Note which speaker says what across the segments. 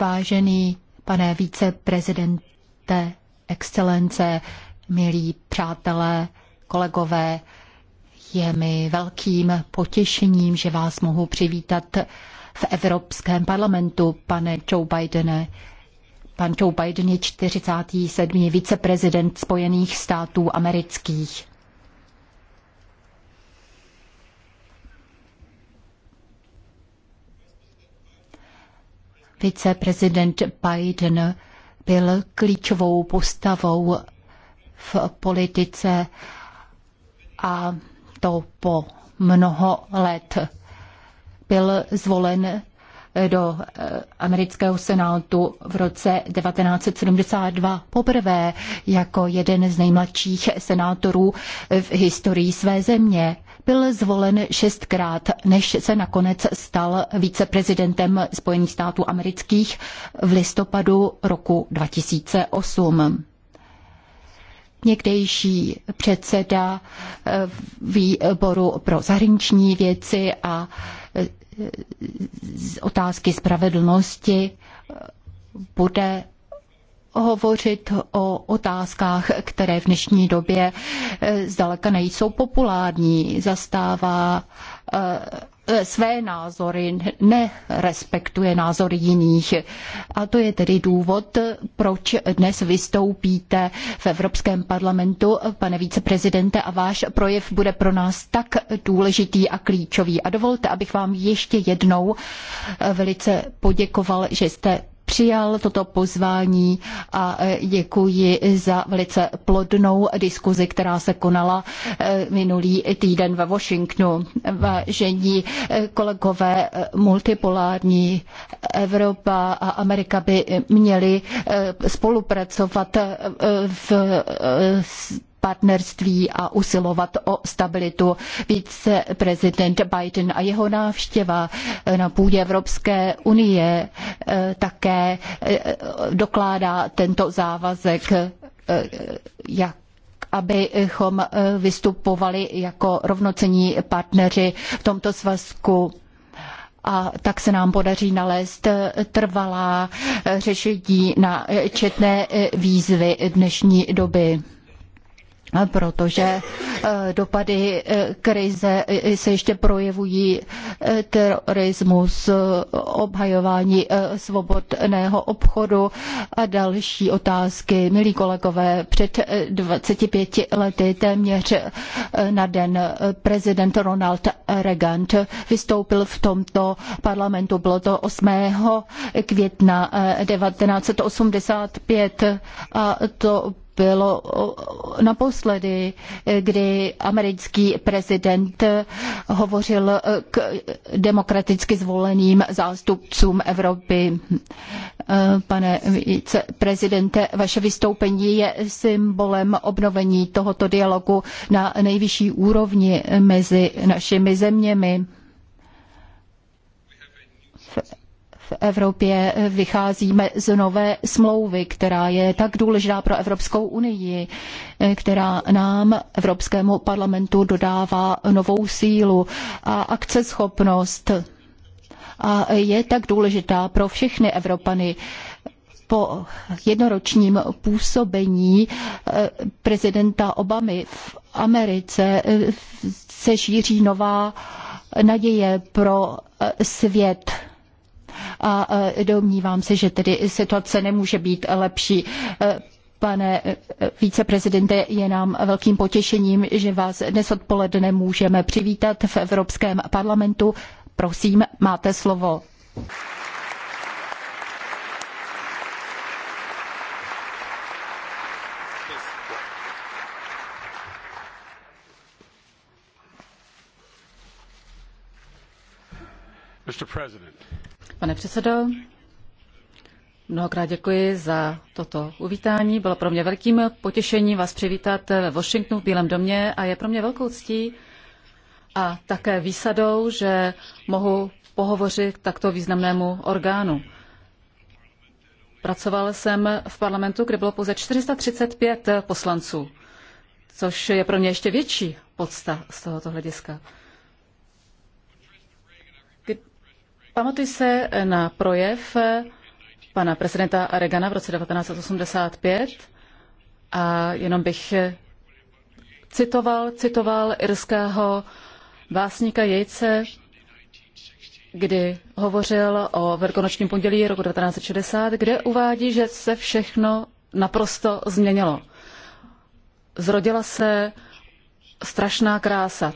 Speaker 1: Vážený pane viceprezidente, excelence, milí přátelé, kolegové, je mi velkým potěšením, že vás mohu přivítat v Evropském parlamentu, pane Joe Bidene. Pan Joe Biden je 47. viceprezident Spojených států amerických. viceprezident Biden byl klíčovou postavou v politice a to po mnoho let. Byl zvolen do eh, amerického senátu v roce 1972 poprvé jako jeden z nejmladších senátorů v historii své země. Byl zvolen šestkrát, než se nakonec stal viceprezidentem Spojených států amerických v listopadu roku 2008 někdejší předseda eh, výboru pro zahraniční věci a eh, otázky spravedlnosti eh, bude hovořit o otázkách, které v dnešní době eh, zdaleka nejsou populární. Zastává eh, eh, své názory, nerespektuje názory jiných. A to je tedy důvod, proč dnes vystoupíte v Evropském parlamentu, pane viceprezidente, a váš projev bude pro nás tak důležitý a klíčový. A dovolte, abych vám ještě jednou velice poděkoval, že jste přijal toto pozvání a e, děkuji za velice plodnou diskuzi, která se konala e, minulý týden ve Washingtonu. Vážení e, kolegové, multipolární Evropa a Amerika by měly spolupracovat v partnerství a usilovat o stabilitu. Více prezident Biden a jeho návštěva na půdě Evropské unie eh, také eh, dokládá tento závazek, eh, jak abychom vystupovali jako rovnocení partneři v tomto svazku a tak se nám podaří nalézt trvalá řešení na četné výzvy dnešní doby protože eh, dopady eh, krize eh, se ještě projevují terorismus, obhajování svobodného obchodu a další otázky. Milí kolegové, před 25 lety téměř na den prezident Ronald Reagan vystoupil v tomto parlamentu. Bylo to 8. května 1985 a to bylo naposledy, eh, kdy americký prezident eh, hovořil eh, k demokraticky zvoleným zástupcům Evropy. Pane prezidente, vaše vystoupení je symbolem obnovení tohoto dialogu na nejvyšší úrovni mezi našimi zeměmi v Evropě vycházíme z nové smlouvy, která je tak důležitá pro Evropskou unii, která nám, Evropskému parlamentu, dodává novou sílu a akceschopnost. A je tak důležitá pro všechny Evropany po jednoročním působení eh, prezidenta Obamy v Americe eh, se šíří nová naděje pro eh, svět a e, domnívám se, že tedy situace nemůže být lepší. E, pane e, viceprezidente, je nám velkým potěšením, že vás dnes odpoledne můžeme přivítat v Evropském parlamentu. Prosím, máte slovo.
Speaker 2: Mr. President. Pane předsedo, mnohokrát děkuji za toto uvítání. Bylo pro mě velkým potěšením vás přivítat v Washingtonu v Bílém domě a je pro mě velkou ctí a také výsadou, že mohu pohovořit takto významnému orgánu. Pracoval jsem v parlamentu, kde bylo pouze 435 poslanců, což je pro mě ještě větší podsta z tohoto hlediska. Pamatuji se na projev pana prezidenta Reagana v roce 1985 a jenom bych citoval, citoval irského básníka Jejce, kdy hovořil o velkonočním pondělí roku 1960, kde uvádí, že se všechno naprosto změnilo. Zrodila se strašná krása.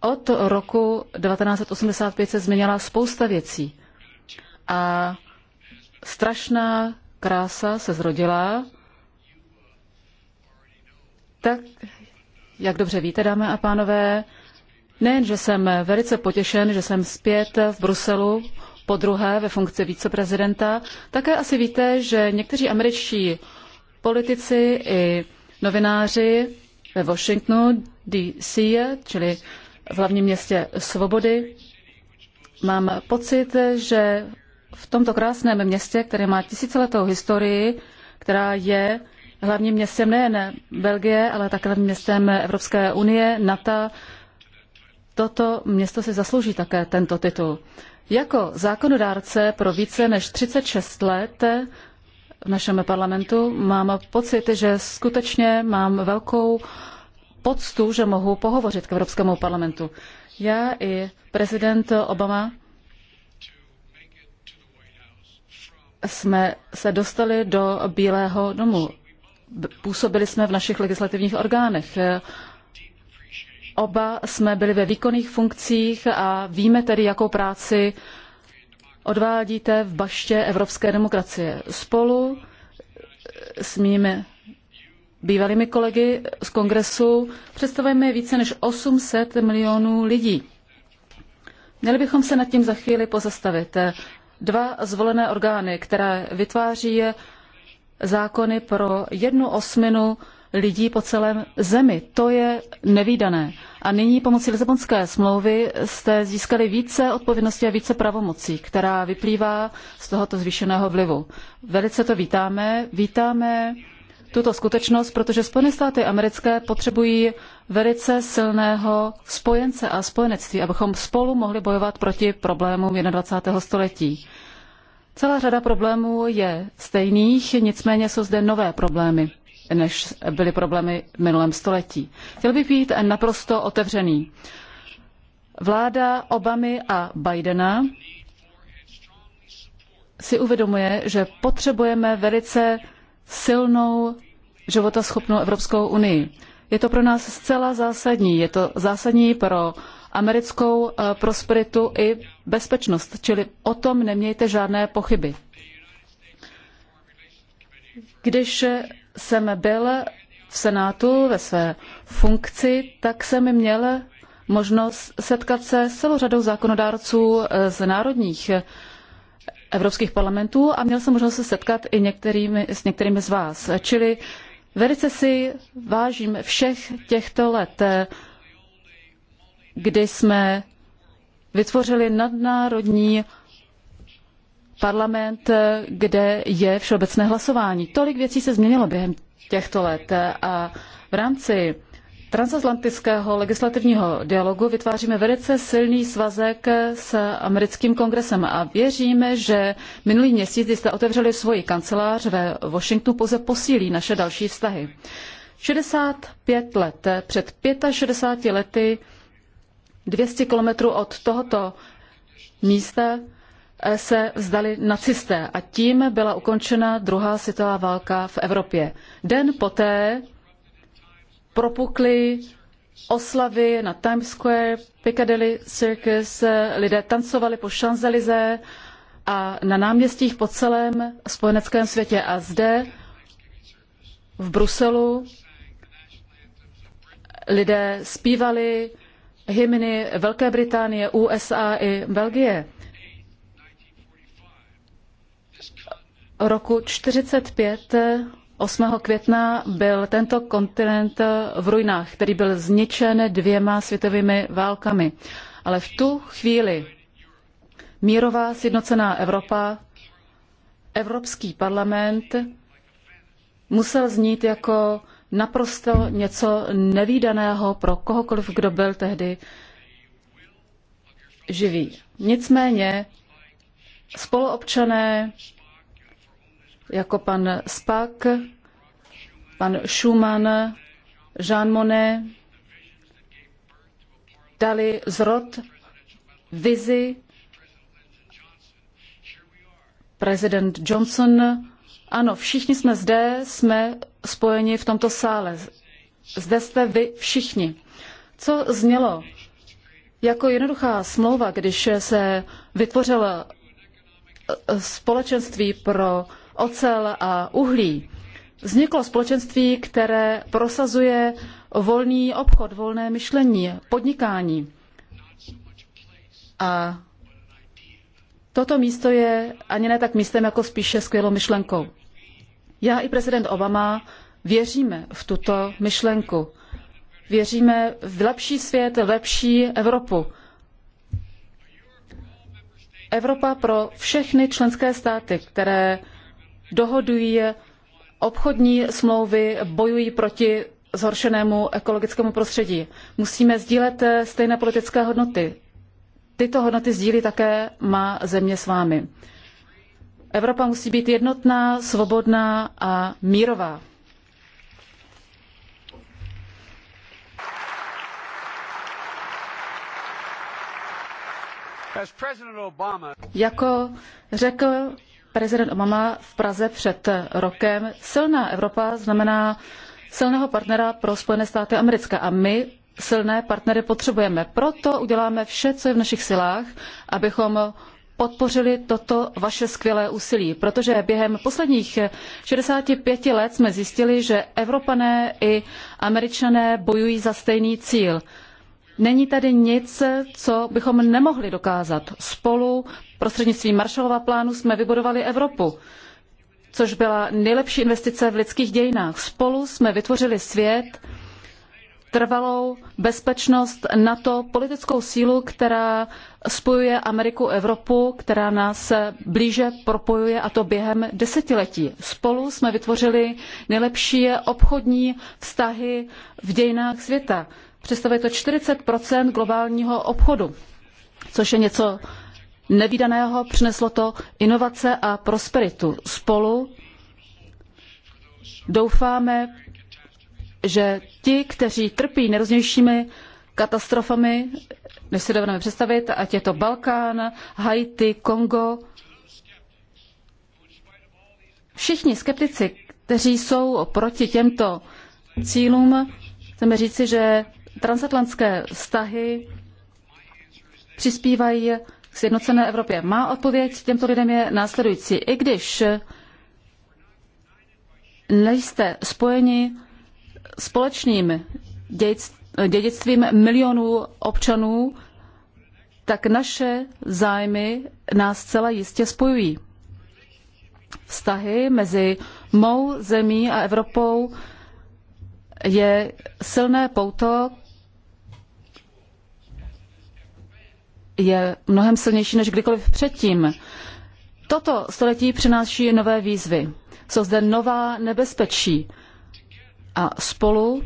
Speaker 2: Od roku 1985 se změnila spousta věcí a strašná krása se zrodila. Tak, jak dobře víte, dámy a pánové, nejen, že jsem velice potěšen, že jsem zpět v Bruselu po druhé ve funkci víceprezidenta, také asi víte, že někteří američtí politici i novináři ve Washingtonu DC, čili v hlavním městě Svobody. Mám pocit, že v tomto krásném městě, které má tisíciletou historii, která je hlavním městem nejen Belgie, ale také hlavním městem Evropské unie, NATO, toto město si zaslouží také tento titul. Jako zákonodárce pro více než 36 let v našem parlamentu mám pocit, že skutečně mám velkou poctu, že mohu pohovořit k Evropskému parlamentu. Já i prezident Obama jsme se dostali do Bílého domu. Působili jsme v našich legislativních orgánech. Oba jsme byli ve výkonných funkcích a víme tedy, jakou práci odvádíte v baště evropské demokracie. Spolu s mými bývalými kolegy z kongresu představujeme více než 800 milionů lidí. Měli bychom se nad tím za chvíli pozastavit. Dva zvolené orgány, které vytváří zákony pro jednu osminu lidí po celém zemi. To je nevýdané. A nyní pomocí Lisabonské smlouvy jste získali více odpovědnosti a více pravomocí, která vyplývá z tohoto zvýšeného vlivu. Velice to vítáme. Vítáme tuto skutečnost, protože Spojené státy americké potřebují velice silného spojence a spojenectví, abychom spolu mohli bojovat proti problémům 21. století. Celá řada problémů je stejných, nicméně jsou zde nové problémy, než byly problémy v minulém století. Chtěl bych být naprosto otevřený. Vláda Obamy a Bidena si uvědomuje, že potřebujeme velice silnou životaschopnou Evropskou unii. Je to pro nás zcela zásadní. Je to zásadní pro americkou eh, prosperitu i bezpečnost, čili o tom nemějte žádné pochyby. Když jsem byl v Senátu ve své funkci, tak jsem měl možnost setkat se s celou řadou zákonodárců eh, z národních evropských parlamentů a měl jsem možnost se setkat i některými, s některými z vás. Čili velice si vážím všech těchto let, kdy jsme vytvořili nadnárodní parlament, kde je všeobecné hlasování. Tolik věcí se změnilo během těchto let a v rámci transatlantického legislativního dialogu vytváříme velice silný svazek s americkým kongresem a věříme, že minulý měsíc, kdy jste otevřeli svoji kancelář ve Washingtonu, pouze posílí naše další vztahy. 65 let, před 65 lety, 200 kilometrů od tohoto místa se vzdali nacisté a tím byla ukončena druhá světová válka v Evropě. Den poté propukly oslavy na Times Square, Piccadilly Circus, lidé tancovali po champs a na náměstích po celém spojeneckém světě. A zde v Bruselu lidé zpívali hymny Velké Británie, USA i Belgie. Roku 45 8. května byl tento kontinent eh, v ruinách, který byl zničen dvěma světovými válkami. Ale v tu chvíli mírová sjednocená Evropa, Evropský parlament musel znít jako naprosto něco nevýdaného pro kohokoliv, kdo byl tehdy živý. Nicméně spoluobčané jako pan Spak, pan Schumann, Jean Monnet, dali zrod vizi prezident Johnson. Ano, všichni jsme zde, jsme spojeni v tomto sále. Zde jste vy všichni. Co znělo? Jako jednoduchá smlouva, když se vytvořila společenství pro ocel a uhlí. Vzniklo společenství, které prosazuje volný obchod, volné myšlení, podnikání. A toto místo je ani ne tak místem, jako spíše skvělou myšlenkou. Já i prezident Obama věříme v tuto myšlenku. Věříme v lepší svět, v lepší Evropu. Evropa pro všechny členské státy, které dohodují obchodní smlouvy, bojují proti zhoršenému ekologickému prostředí. Musíme sdílet eh, stejné politické hodnoty. Tyto hodnoty sdílí také má země s vámi. Evropa musí být jednotná, svobodná a mírová. Jako řekl prezident Obama v Praze před rokem. Silná Evropa znamená silného partnera pro Spojené státy americké a my silné partnery potřebujeme. Proto uděláme vše, co je v našich silách, abychom podpořili toto vaše skvělé úsilí, protože během posledních 65 let jsme zjistili, že Evropané i Američané bojují za stejný cíl Není tady nic, co bychom nemohli dokázat. Spolu prostřednictvím Marshallova plánu jsme vybudovali Evropu, což byla nejlepší investice v lidských dějinách. Spolu jsme vytvořili svět, trvalou bezpečnost NATO, politickou sílu, která spojuje Ameriku a Evropu, která nás blíže propojuje a to během desetiletí. Spolu jsme vytvořili nejlepší obchodní vztahy v dějinách světa. Představuje to 40 globálního obchodu, což je něco nevýdaného. Přineslo to inovace a prosperitu. Spolu doufáme, že ti, kteří trpí nejrůznějšími katastrofami, než si dovedeme představit, ať je to Balkán, Haiti, Kongo, všichni skeptici, kteří jsou proti těmto cílům, chceme říci, že transatlantské vztahy přispívají k sjednocené Evropě. Má odpověď těmto lidem je následující. I když nejste spojeni společným dědictvím milionů občanů, tak naše zájmy nás zcela jistě spojují. Vztahy mezi mou zemí a Evropou je silné pouto, je mnohem silnější než kdykoliv předtím. Toto století přináší nové výzvy. Jsou zde nová nebezpečí a spolu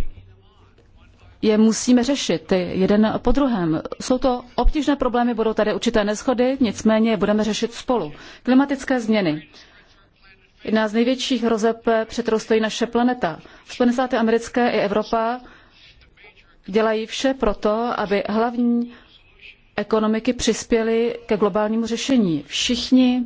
Speaker 2: je musíme řešit ty jeden po druhém. Jsou to obtížné problémy, budou tady určité neschody, nicméně je budeme řešit spolu. Klimatické změny jedna z největších hrozeb, před kterou stojí naše planeta. Spojené státy americké i Evropa dělají vše proto, aby hlavní ekonomiky přispěly ke globálnímu řešení. Všichni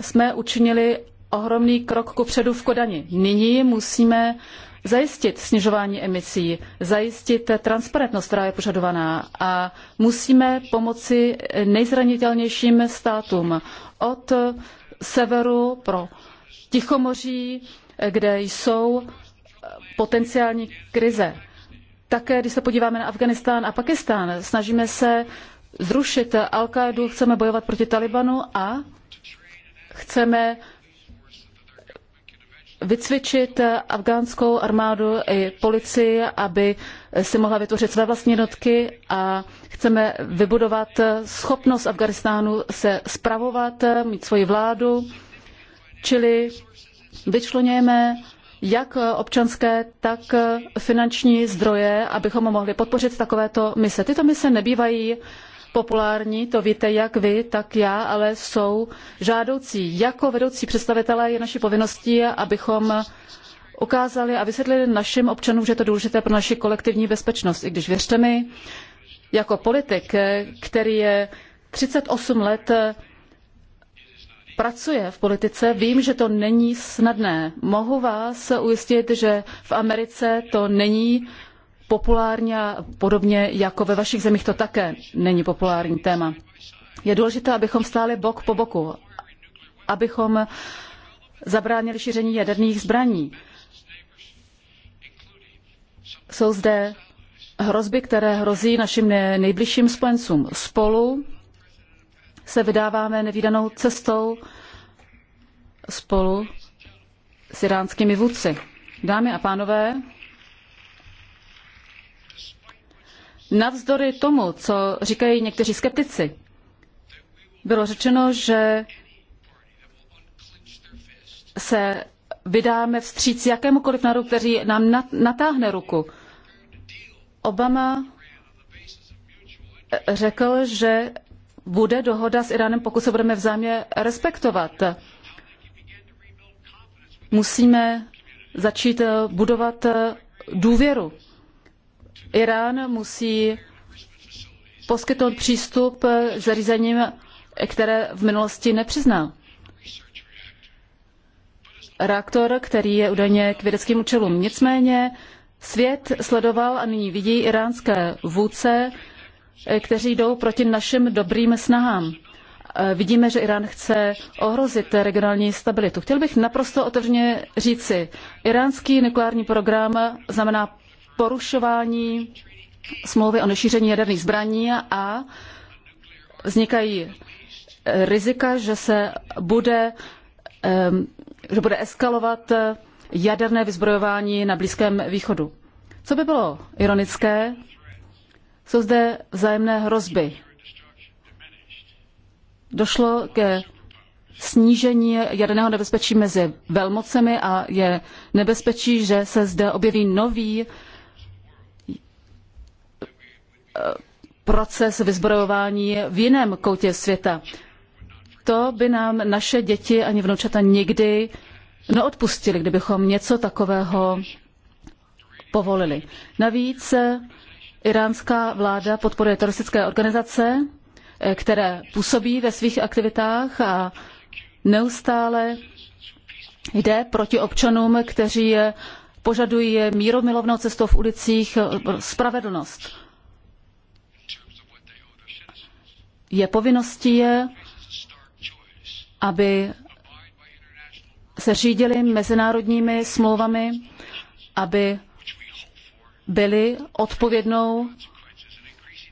Speaker 2: jsme učinili ohromný krok ku předu v Kodani. Nyní musíme zajistit snižování emisí, zajistit transparentnost, která je požadovaná a musíme pomoci nejzranitelnějším státům od severu pro Tichomoří, kde jsou potenciální krize. Také, když se podíváme na Afghánistán a Pakistán, snažíme se zrušit Al-Qaidu, chceme bojovat proti Talibanu a chceme vycvičit afgánskou armádu i policii, aby si mohla vytvořit své vlastní jednotky a chceme vybudovat schopnost Afganistánu se spravovat, mít svoji vládu, čili vyčloněme jak občanské, tak finanční zdroje, abychom mohli podpořit takovéto mise. Tyto mise nebývají populární, to víte jak vy, tak já, ale jsou žádoucí. Jako vedoucí představitelé je naší povinností, abychom ukázali a vysvětlili našim občanům, že je to důležité pro naši kolektivní bezpečnost. I když věřte mi, jako politik, který je 38 let pracuje v politice, vím, že to není snadné. Mohu vás ujistit, že v Americe to není populární a podobně jako ve vašich zemích to také není populární téma. Je důležité, abychom stáli bok po boku, abychom zabránili šíření jaderných zbraní. Jsou zde hrozby, které hrozí našim nejbližším spojencům. Spolu se vydáváme nevýdanou cestou spolu s iránskými vůdci. Dámy a pánové, navzdory tomu, co říkají někteří skeptici, bylo řečeno, že se vydáme vstříc jakémukoliv národu, který nám natáhne ruku. Obama řekl, že bude dohoda s Iránem, pokud se budeme vzájemně respektovat. Musíme začít budovat důvěru Irán musí poskytnout přístup k zařízením, které v minulosti nepřiznal. Reaktor, který je údajně k vědeckým účelům. Nicméně svět sledoval a nyní vidí iránské vůdce, kteří jdou proti našim dobrým snahám. Vidíme, že Irán chce ohrozit regionální stabilitu. Chtěl bych naprosto otevřeně říci, iránský nukleární program znamená porušování smlouvy o nešíření jaderných zbraní a vznikají eh, rizika, že se bude, ehm, že bude eskalovat eh, jaderné vyzbrojování na Blízkém východu. Co by bylo ironické, jsou zde vzájemné hrozby. Došlo ke snížení jaderného nebezpečí mezi velmocemi a je nebezpečí, že se zde objeví nový proces vyzbrojování v jiném koutě světa. To by nám naše děti ani vnoučata nikdy neodpustili, kdybychom něco takového povolili. Navíc eh, iránská vláda podporuje teroristické organizace, eh, které působí ve svých aktivitách a neustále jde proti občanům, kteří eh, požadují míromilovnou cestou v ulicích spravedlnost. je povinností, aby se řídili mezinárodními smlouvami, aby byli odpovědnou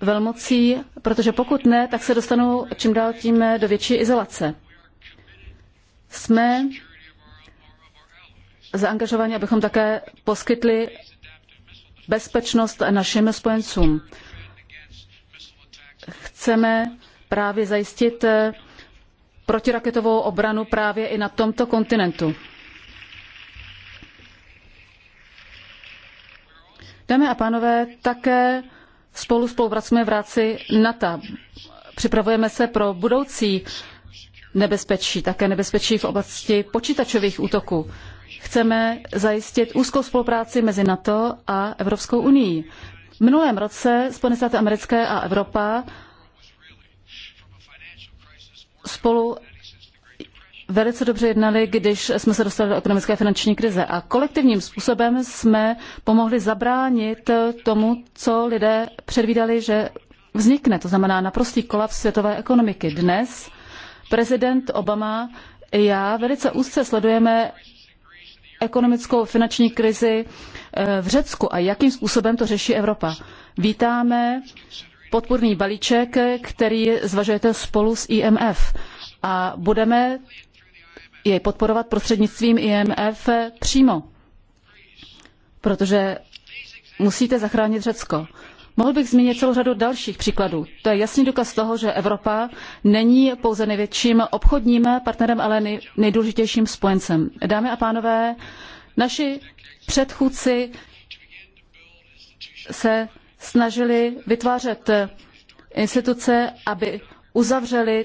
Speaker 2: velmocí, protože pokud ne, tak se dostanou čím dál tím do větší izolace. Jsme zaangažovaní, abychom také poskytli bezpečnost našim spojencům. Chceme právě zajistit eh, protiraketovou obranu právě i na tomto kontinentu. Dámy a pánové, také spolu spolupracujeme v rámci NATO. Připravujeme se pro budoucí nebezpečí, také nebezpečí v oblasti počítačových útoků. Chceme zajistit úzkou spolupráci mezi NATO a Evropskou unii. V minulém roce Spojené státy americké a Evropa spolu velice dobře jednali, když jsme se dostali do ekonomické a finanční krize. A kolektivním způsobem jsme pomohli zabránit tomu, co lidé předvídali, že vznikne. To znamená naprostý kolaps světové ekonomiky. Dnes prezident Obama i já velice úzce sledujeme ekonomickou finanční krizi eh, v Řecku a jakým způsobem to řeší Evropa. Vítáme podpůrný balíček, který zvažujete spolu s IMF a budeme jej podporovat prostřednictvím IMF přímo, protože musíte zachránit Řecko. Mohl bych zmínit celou řadu dalších příkladů. To je jasný důkaz toho, že Evropa není pouze největším obchodním partnerem, ale nejdůležitějším spojencem. Dámy a pánové, naši předchůdci se snažili vytvářet instituce, aby uzavřeli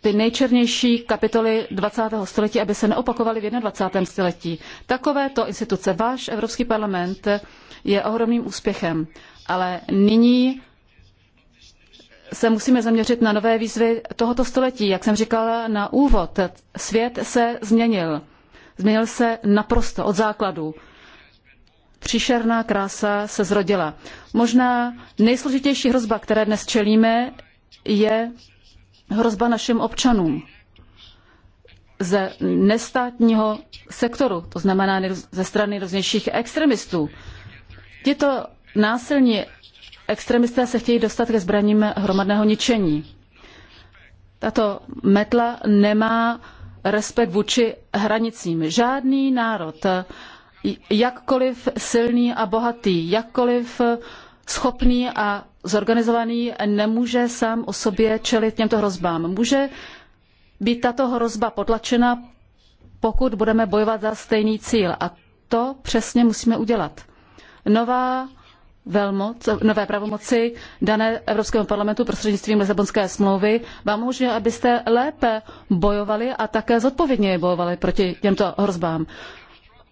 Speaker 2: ty nejčernější kapitoly 20. století, aby se neopakovaly v 21. století. Takovéto instituce, váš Evropský parlament, je ohromným úspěchem. Ale nyní se musíme zaměřit na nové výzvy tohoto století. Jak jsem říkala na úvod, svět se změnil. Změnil se naprosto od základů. Příšerná krása se zrodila. Možná nejsložitější hrozba, které dnes čelíme, je hrozba našim občanům ze nestátního sektoru, to znamená ze strany různějších extremistů. Tito násilní extremisté se chtějí dostat ke zbraním hromadného ničení. Tato metla nemá respekt vůči hranicím. Žádný národ, jakkoliv silný a bohatý, jakkoliv schopný a zorganizovaný nemůže sám o sobě čelit těmto hrozbám. Může být tato hrozba potlačena, pokud budeme bojovat za stejný cíl. A to přesně musíme udělat. Nová velmoc, nové pravomoci dané Evropskému parlamentu prostřednictvím Lisabonské smlouvy vám umožňuje, abyste lépe bojovali a také zodpovědněji bojovali proti těmto hrozbám.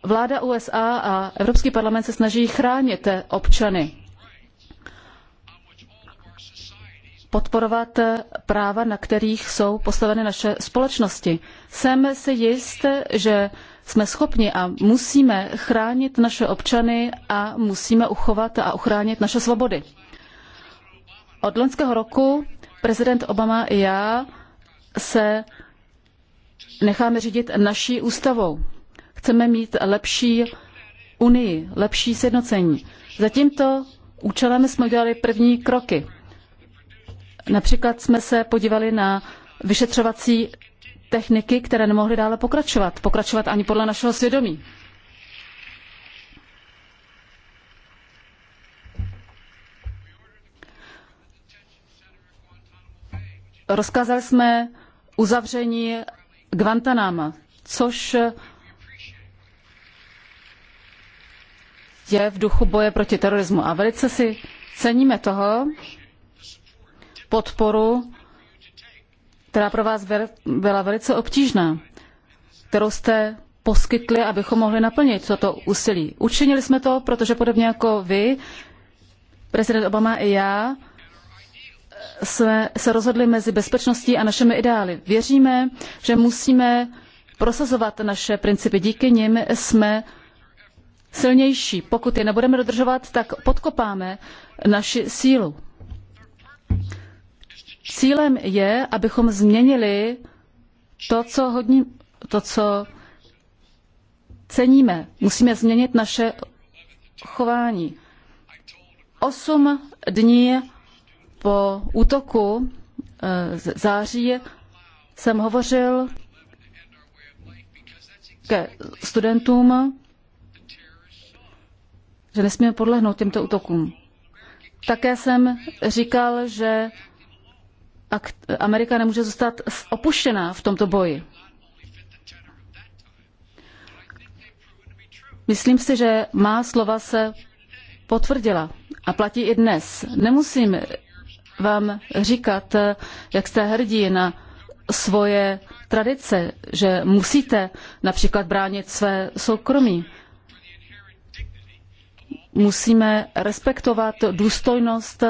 Speaker 2: Vláda USA a Evropský parlament se snaží chránit občany podporovat práva, na kterých jsou postaveny naše společnosti. Jsem si jist, že jsme schopni a musíme chránit naše občany a musíme uchovat a ochránit naše svobody. Od loňského roku prezident Obama i já se necháme řídit naší ústavou. Chceme mít lepší unii, lepší sjednocení. Za tímto účelem jsme udělali první kroky. Například jsme se podívali na vyšetřovací techniky, které nemohly dále pokračovat, pokračovat ani podle našeho svědomí. Rozkázali jsme uzavření Guantanama, což je v duchu boje proti terorismu. A velice si ceníme toho, podporu, která pro vás byla velice obtížná, kterou jste poskytli, abychom mohli naplnit toto úsilí. Učinili jsme to, protože podobně jako vy, prezident Obama i já, jsme se rozhodli mezi bezpečností a našimi ideály. Věříme, že musíme prosazovat naše principy. Díky nim jsme silnější. Pokud je nebudeme dodržovat, tak podkopáme naši sílu. Cílem je, abychom změnili to, co, hodně, to, co ceníme. Musíme změnit naše chování. Osm dní po útoku eh, září jsem hovořil ke studentům, že nesmíme podlehnout těmto útokům. Také jsem říkal, že Amerika nemůže zůstat opuštěná v tomto boji. Myslím si, že má slova se potvrdila a platí i dnes. Nemusím vám říkat, jak jste hrdí na svoje tradice, že musíte například bránit své soukromí. Musíme respektovat důstojnost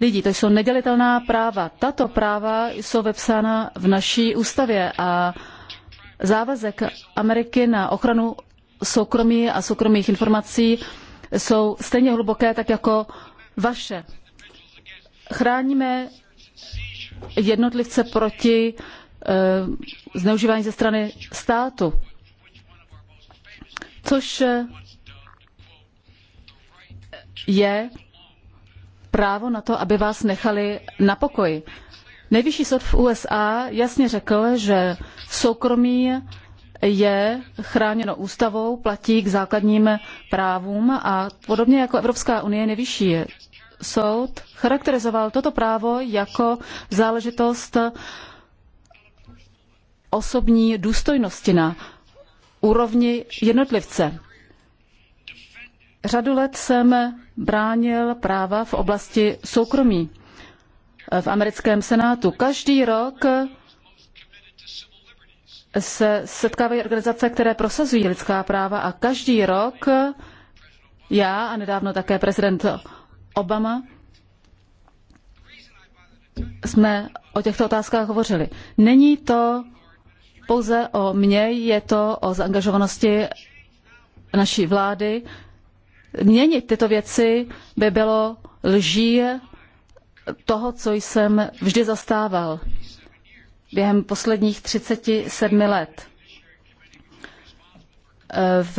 Speaker 2: lidí. To jsou nedělitelná práva. Tato práva jsou vepsána v naší ústavě a závazek Ameriky na ochranu soukromí a soukromých informací jsou stejně hluboké, tak jako vaše. Chráníme jednotlivce proti eh, zneužívání ze strany státu. Což je právo na to, aby vás nechali na pokoji. Nejvyšší soud v USA jasně řekl, že soukromí je chráněno ústavou, platí k základním právům a podobně jako Evropská unie nejvyšší soud charakterizoval toto právo jako záležitost osobní důstojnosti na úrovni jednotlivce. Řadu let jsem bránil práva v oblasti soukromí v americkém senátu. Každý rok se setkávají organizace, které prosazují lidská práva a každý rok já a nedávno také prezident Obama jsme o těchto otázkách hovořili. Není to pouze o mně, je to o zaangažovanosti naší vlády Měnit tyto věci by bylo lží toho, co jsem vždy zastával během posledních 37 let. V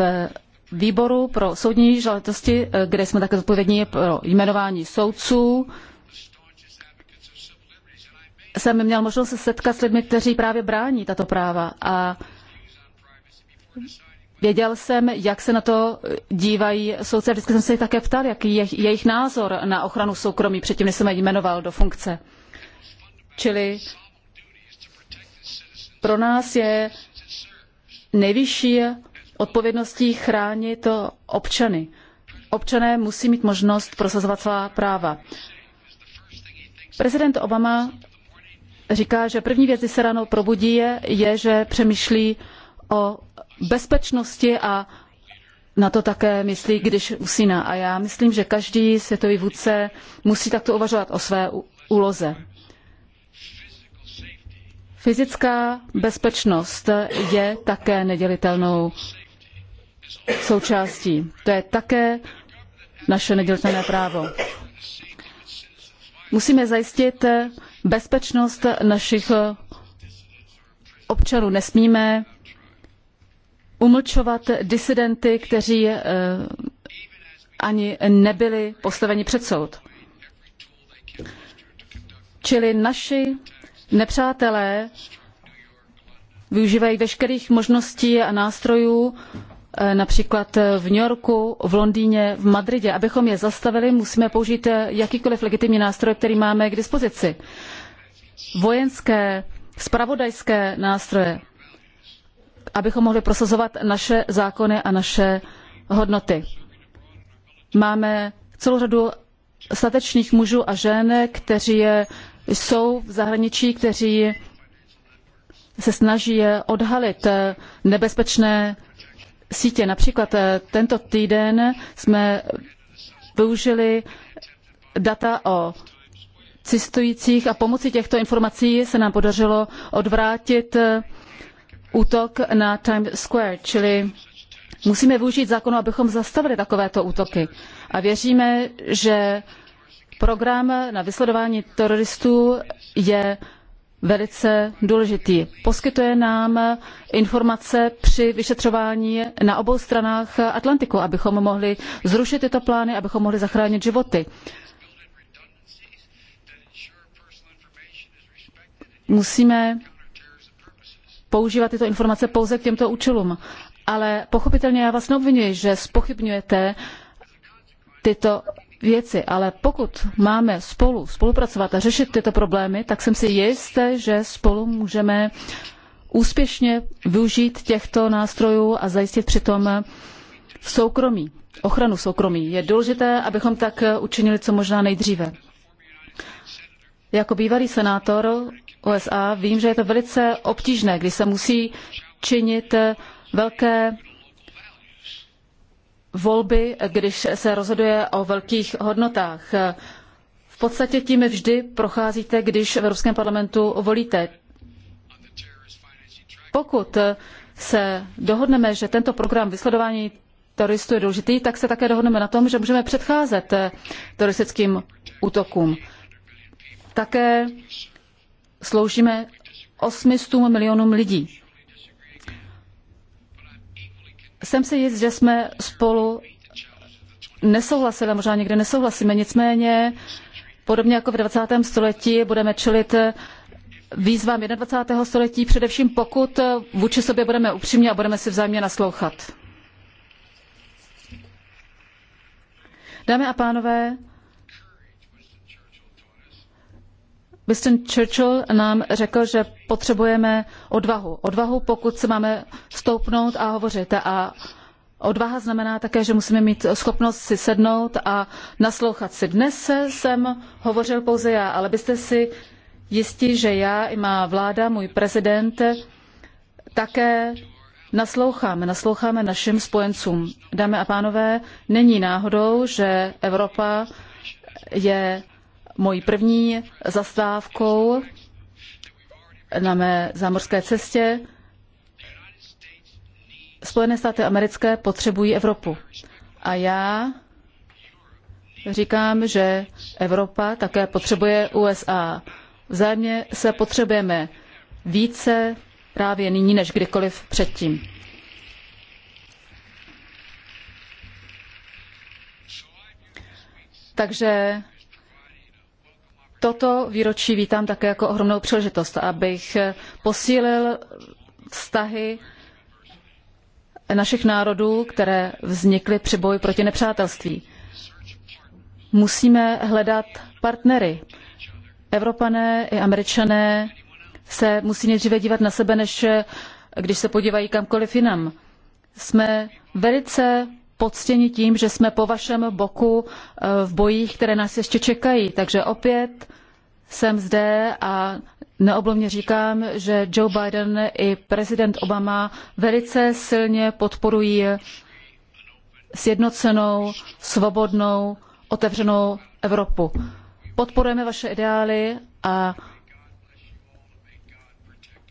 Speaker 2: výboru pro soudní žalitosti, kde jsme také zodpovědní pro jmenování soudců, jsem měl možnost se setkat s lidmi, kteří právě brání tato práva a Věděl jsem, jak se na to dívají soudce. Vždycky jsem se jich také ptal, jaký je jejich názor na ochranu soukromí, předtím, než jsem je jmenoval do funkce. Čili pro nás je nejvyšší odpovědností chránit občany. Občané musí mít možnost prosazovat svá práva. Prezident Obama říká, že první věc, kdy se ráno probudí, je, je že přemýšlí o bezpečnosti a na to také myslí, když usíná. A já myslím, že každý světový vůdce musí takto uvažovat o své úloze. Fyzická bezpečnost je také nedělitelnou součástí. To je také naše nedělitelné právo. Musíme zajistit bezpečnost našich občanů. Nesmíme umlčovat disidenty, kteří eh, ani nebyli postaveni před soud. Čili naši nepřátelé využívají veškerých možností a nástrojů, eh, například v New Yorku, v Londýně, v Madridě. Abychom je zastavili, musíme použít eh, jakýkoliv legitimní nástroj, který máme k dispozici. Vojenské, spravodajské nástroje, abychom mohli prosazovat naše zákony a naše hodnoty. Máme celou řadu statečných mužů a žen, kteří jsou v zahraničí, kteří se snaží odhalit nebezpečné sítě. Například eh, tento týden jsme využili data o cestujících a pomocí těchto informací se nám podařilo odvrátit eh, útok na Times Square, čili musíme využít zákonu, abychom zastavili takovéto útoky. A věříme, že program na vysledování teroristů je velice důležitý. Poskytuje nám informace při vyšetřování na obou stranách Atlantiku, abychom mohli zrušit tyto plány, abychom mohli zachránit životy. Musíme používat tyto informace pouze k těmto účelům. Ale pochopitelně já vás neobvinuji, že spochybňujete tyto věci, ale pokud máme spolu spolupracovat a řešit tyto problémy, tak jsem si jisté, že spolu můžeme úspěšně využít těchto nástrojů a zajistit přitom soukromí, ochranu soukromí. Je důležité, abychom tak učinili co možná nejdříve. Jako bývalý senátor USA, vím, že je to velice obtížné, když se musí činit eh, velké volby, když se rozhoduje o velkých hodnotách. V podstatě tím vždy procházíte, když v Evropském parlamentu volíte. Pokud se dohodneme, že tento program vysledování teroristů je důležitý, tak se také dohodneme na tom, že můžeme předcházet eh, teroristickým útokům. Také sloužíme 800 milionům lidí. Jsem si jist, že jsme spolu nesouhlasili, možná někde nesouhlasíme, nicméně podobně jako v 20. století budeme čelit výzvám 21. století, především pokud vůči sobě budeme upřímně a budeme si vzájemně naslouchat. Dámy a pánové, Winston Churchill nám řekl, že potřebujeme odvahu. Odvahu, pokud se máme stoupnout a hovořit. A odvaha znamená také, že musíme mít schopnost si sednout a naslouchat si. Dnes jsem hovořil pouze já, ale byste si jistí, že já i má vláda, můj prezident, také nasloucháme, nasloucháme našim spojencům. Dámy a pánové, není náhodou, že Evropa je mojí první zastávkou na mé zámořské cestě. Spojené státy americké potřebují Evropu. A já říkám, že Evropa také potřebuje USA. Vzájemně se potřebujeme více právě nyní než kdykoliv předtím. Takže Toto výročí vítám také jako ohromnou příležitost, abych posílil vztahy našich národů, které vznikly při boji proti nepřátelství. Musíme hledat partnery. Evropané i američané se musí nejdříve dívat na sebe, než když se podívají kamkoliv jinam. Jsme velice poctěni tím, že jsme po vašem boku eh, v bojích, které nás ještě čekají. Takže opět jsem zde a neoblomně říkám, že Joe Biden i prezident Obama velice silně podporují sjednocenou, svobodnou, otevřenou Evropu. Podporujeme vaše ideály a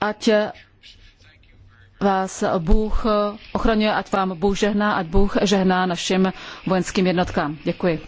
Speaker 2: ať vás Bůh ochraňuje, ať vám Bůh žehná, ať Bůh žehná našim vojenským jednotkám. Děkuji.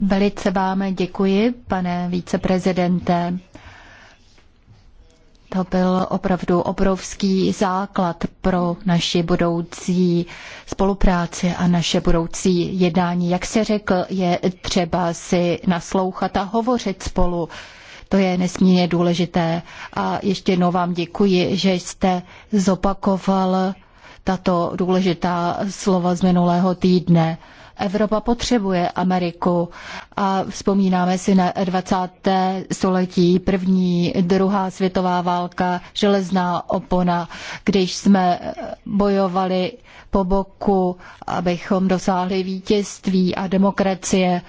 Speaker 1: Velice vám děkuji, pane viceprezidente. To byl opravdu obrovský základ pro naši budoucí spolupráci a naše budoucí jednání. Jak se řekl, je třeba si naslouchat a hovořit spolu. To je nesmírně důležité. A ještě jednou vám děkuji, že jste zopakoval tato důležitá slova z minulého týdne. Evropa potřebuje Ameriku a vzpomínáme si na 20. století, první, druhá světová válka, železná opona, když jsme bojovali po boku, abychom dosáhli vítězství a demokracie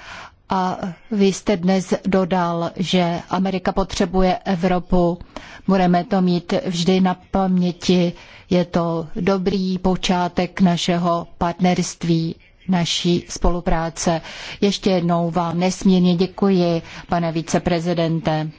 Speaker 1: a vy jste dnes dodal, že Amerika potřebuje Evropu. Budeme to mít vždy na paměti. Je to dobrý počátek našeho partnerství naší spolupráce. Ještě jednou vám nesmírně děkuji, pane viceprezidente.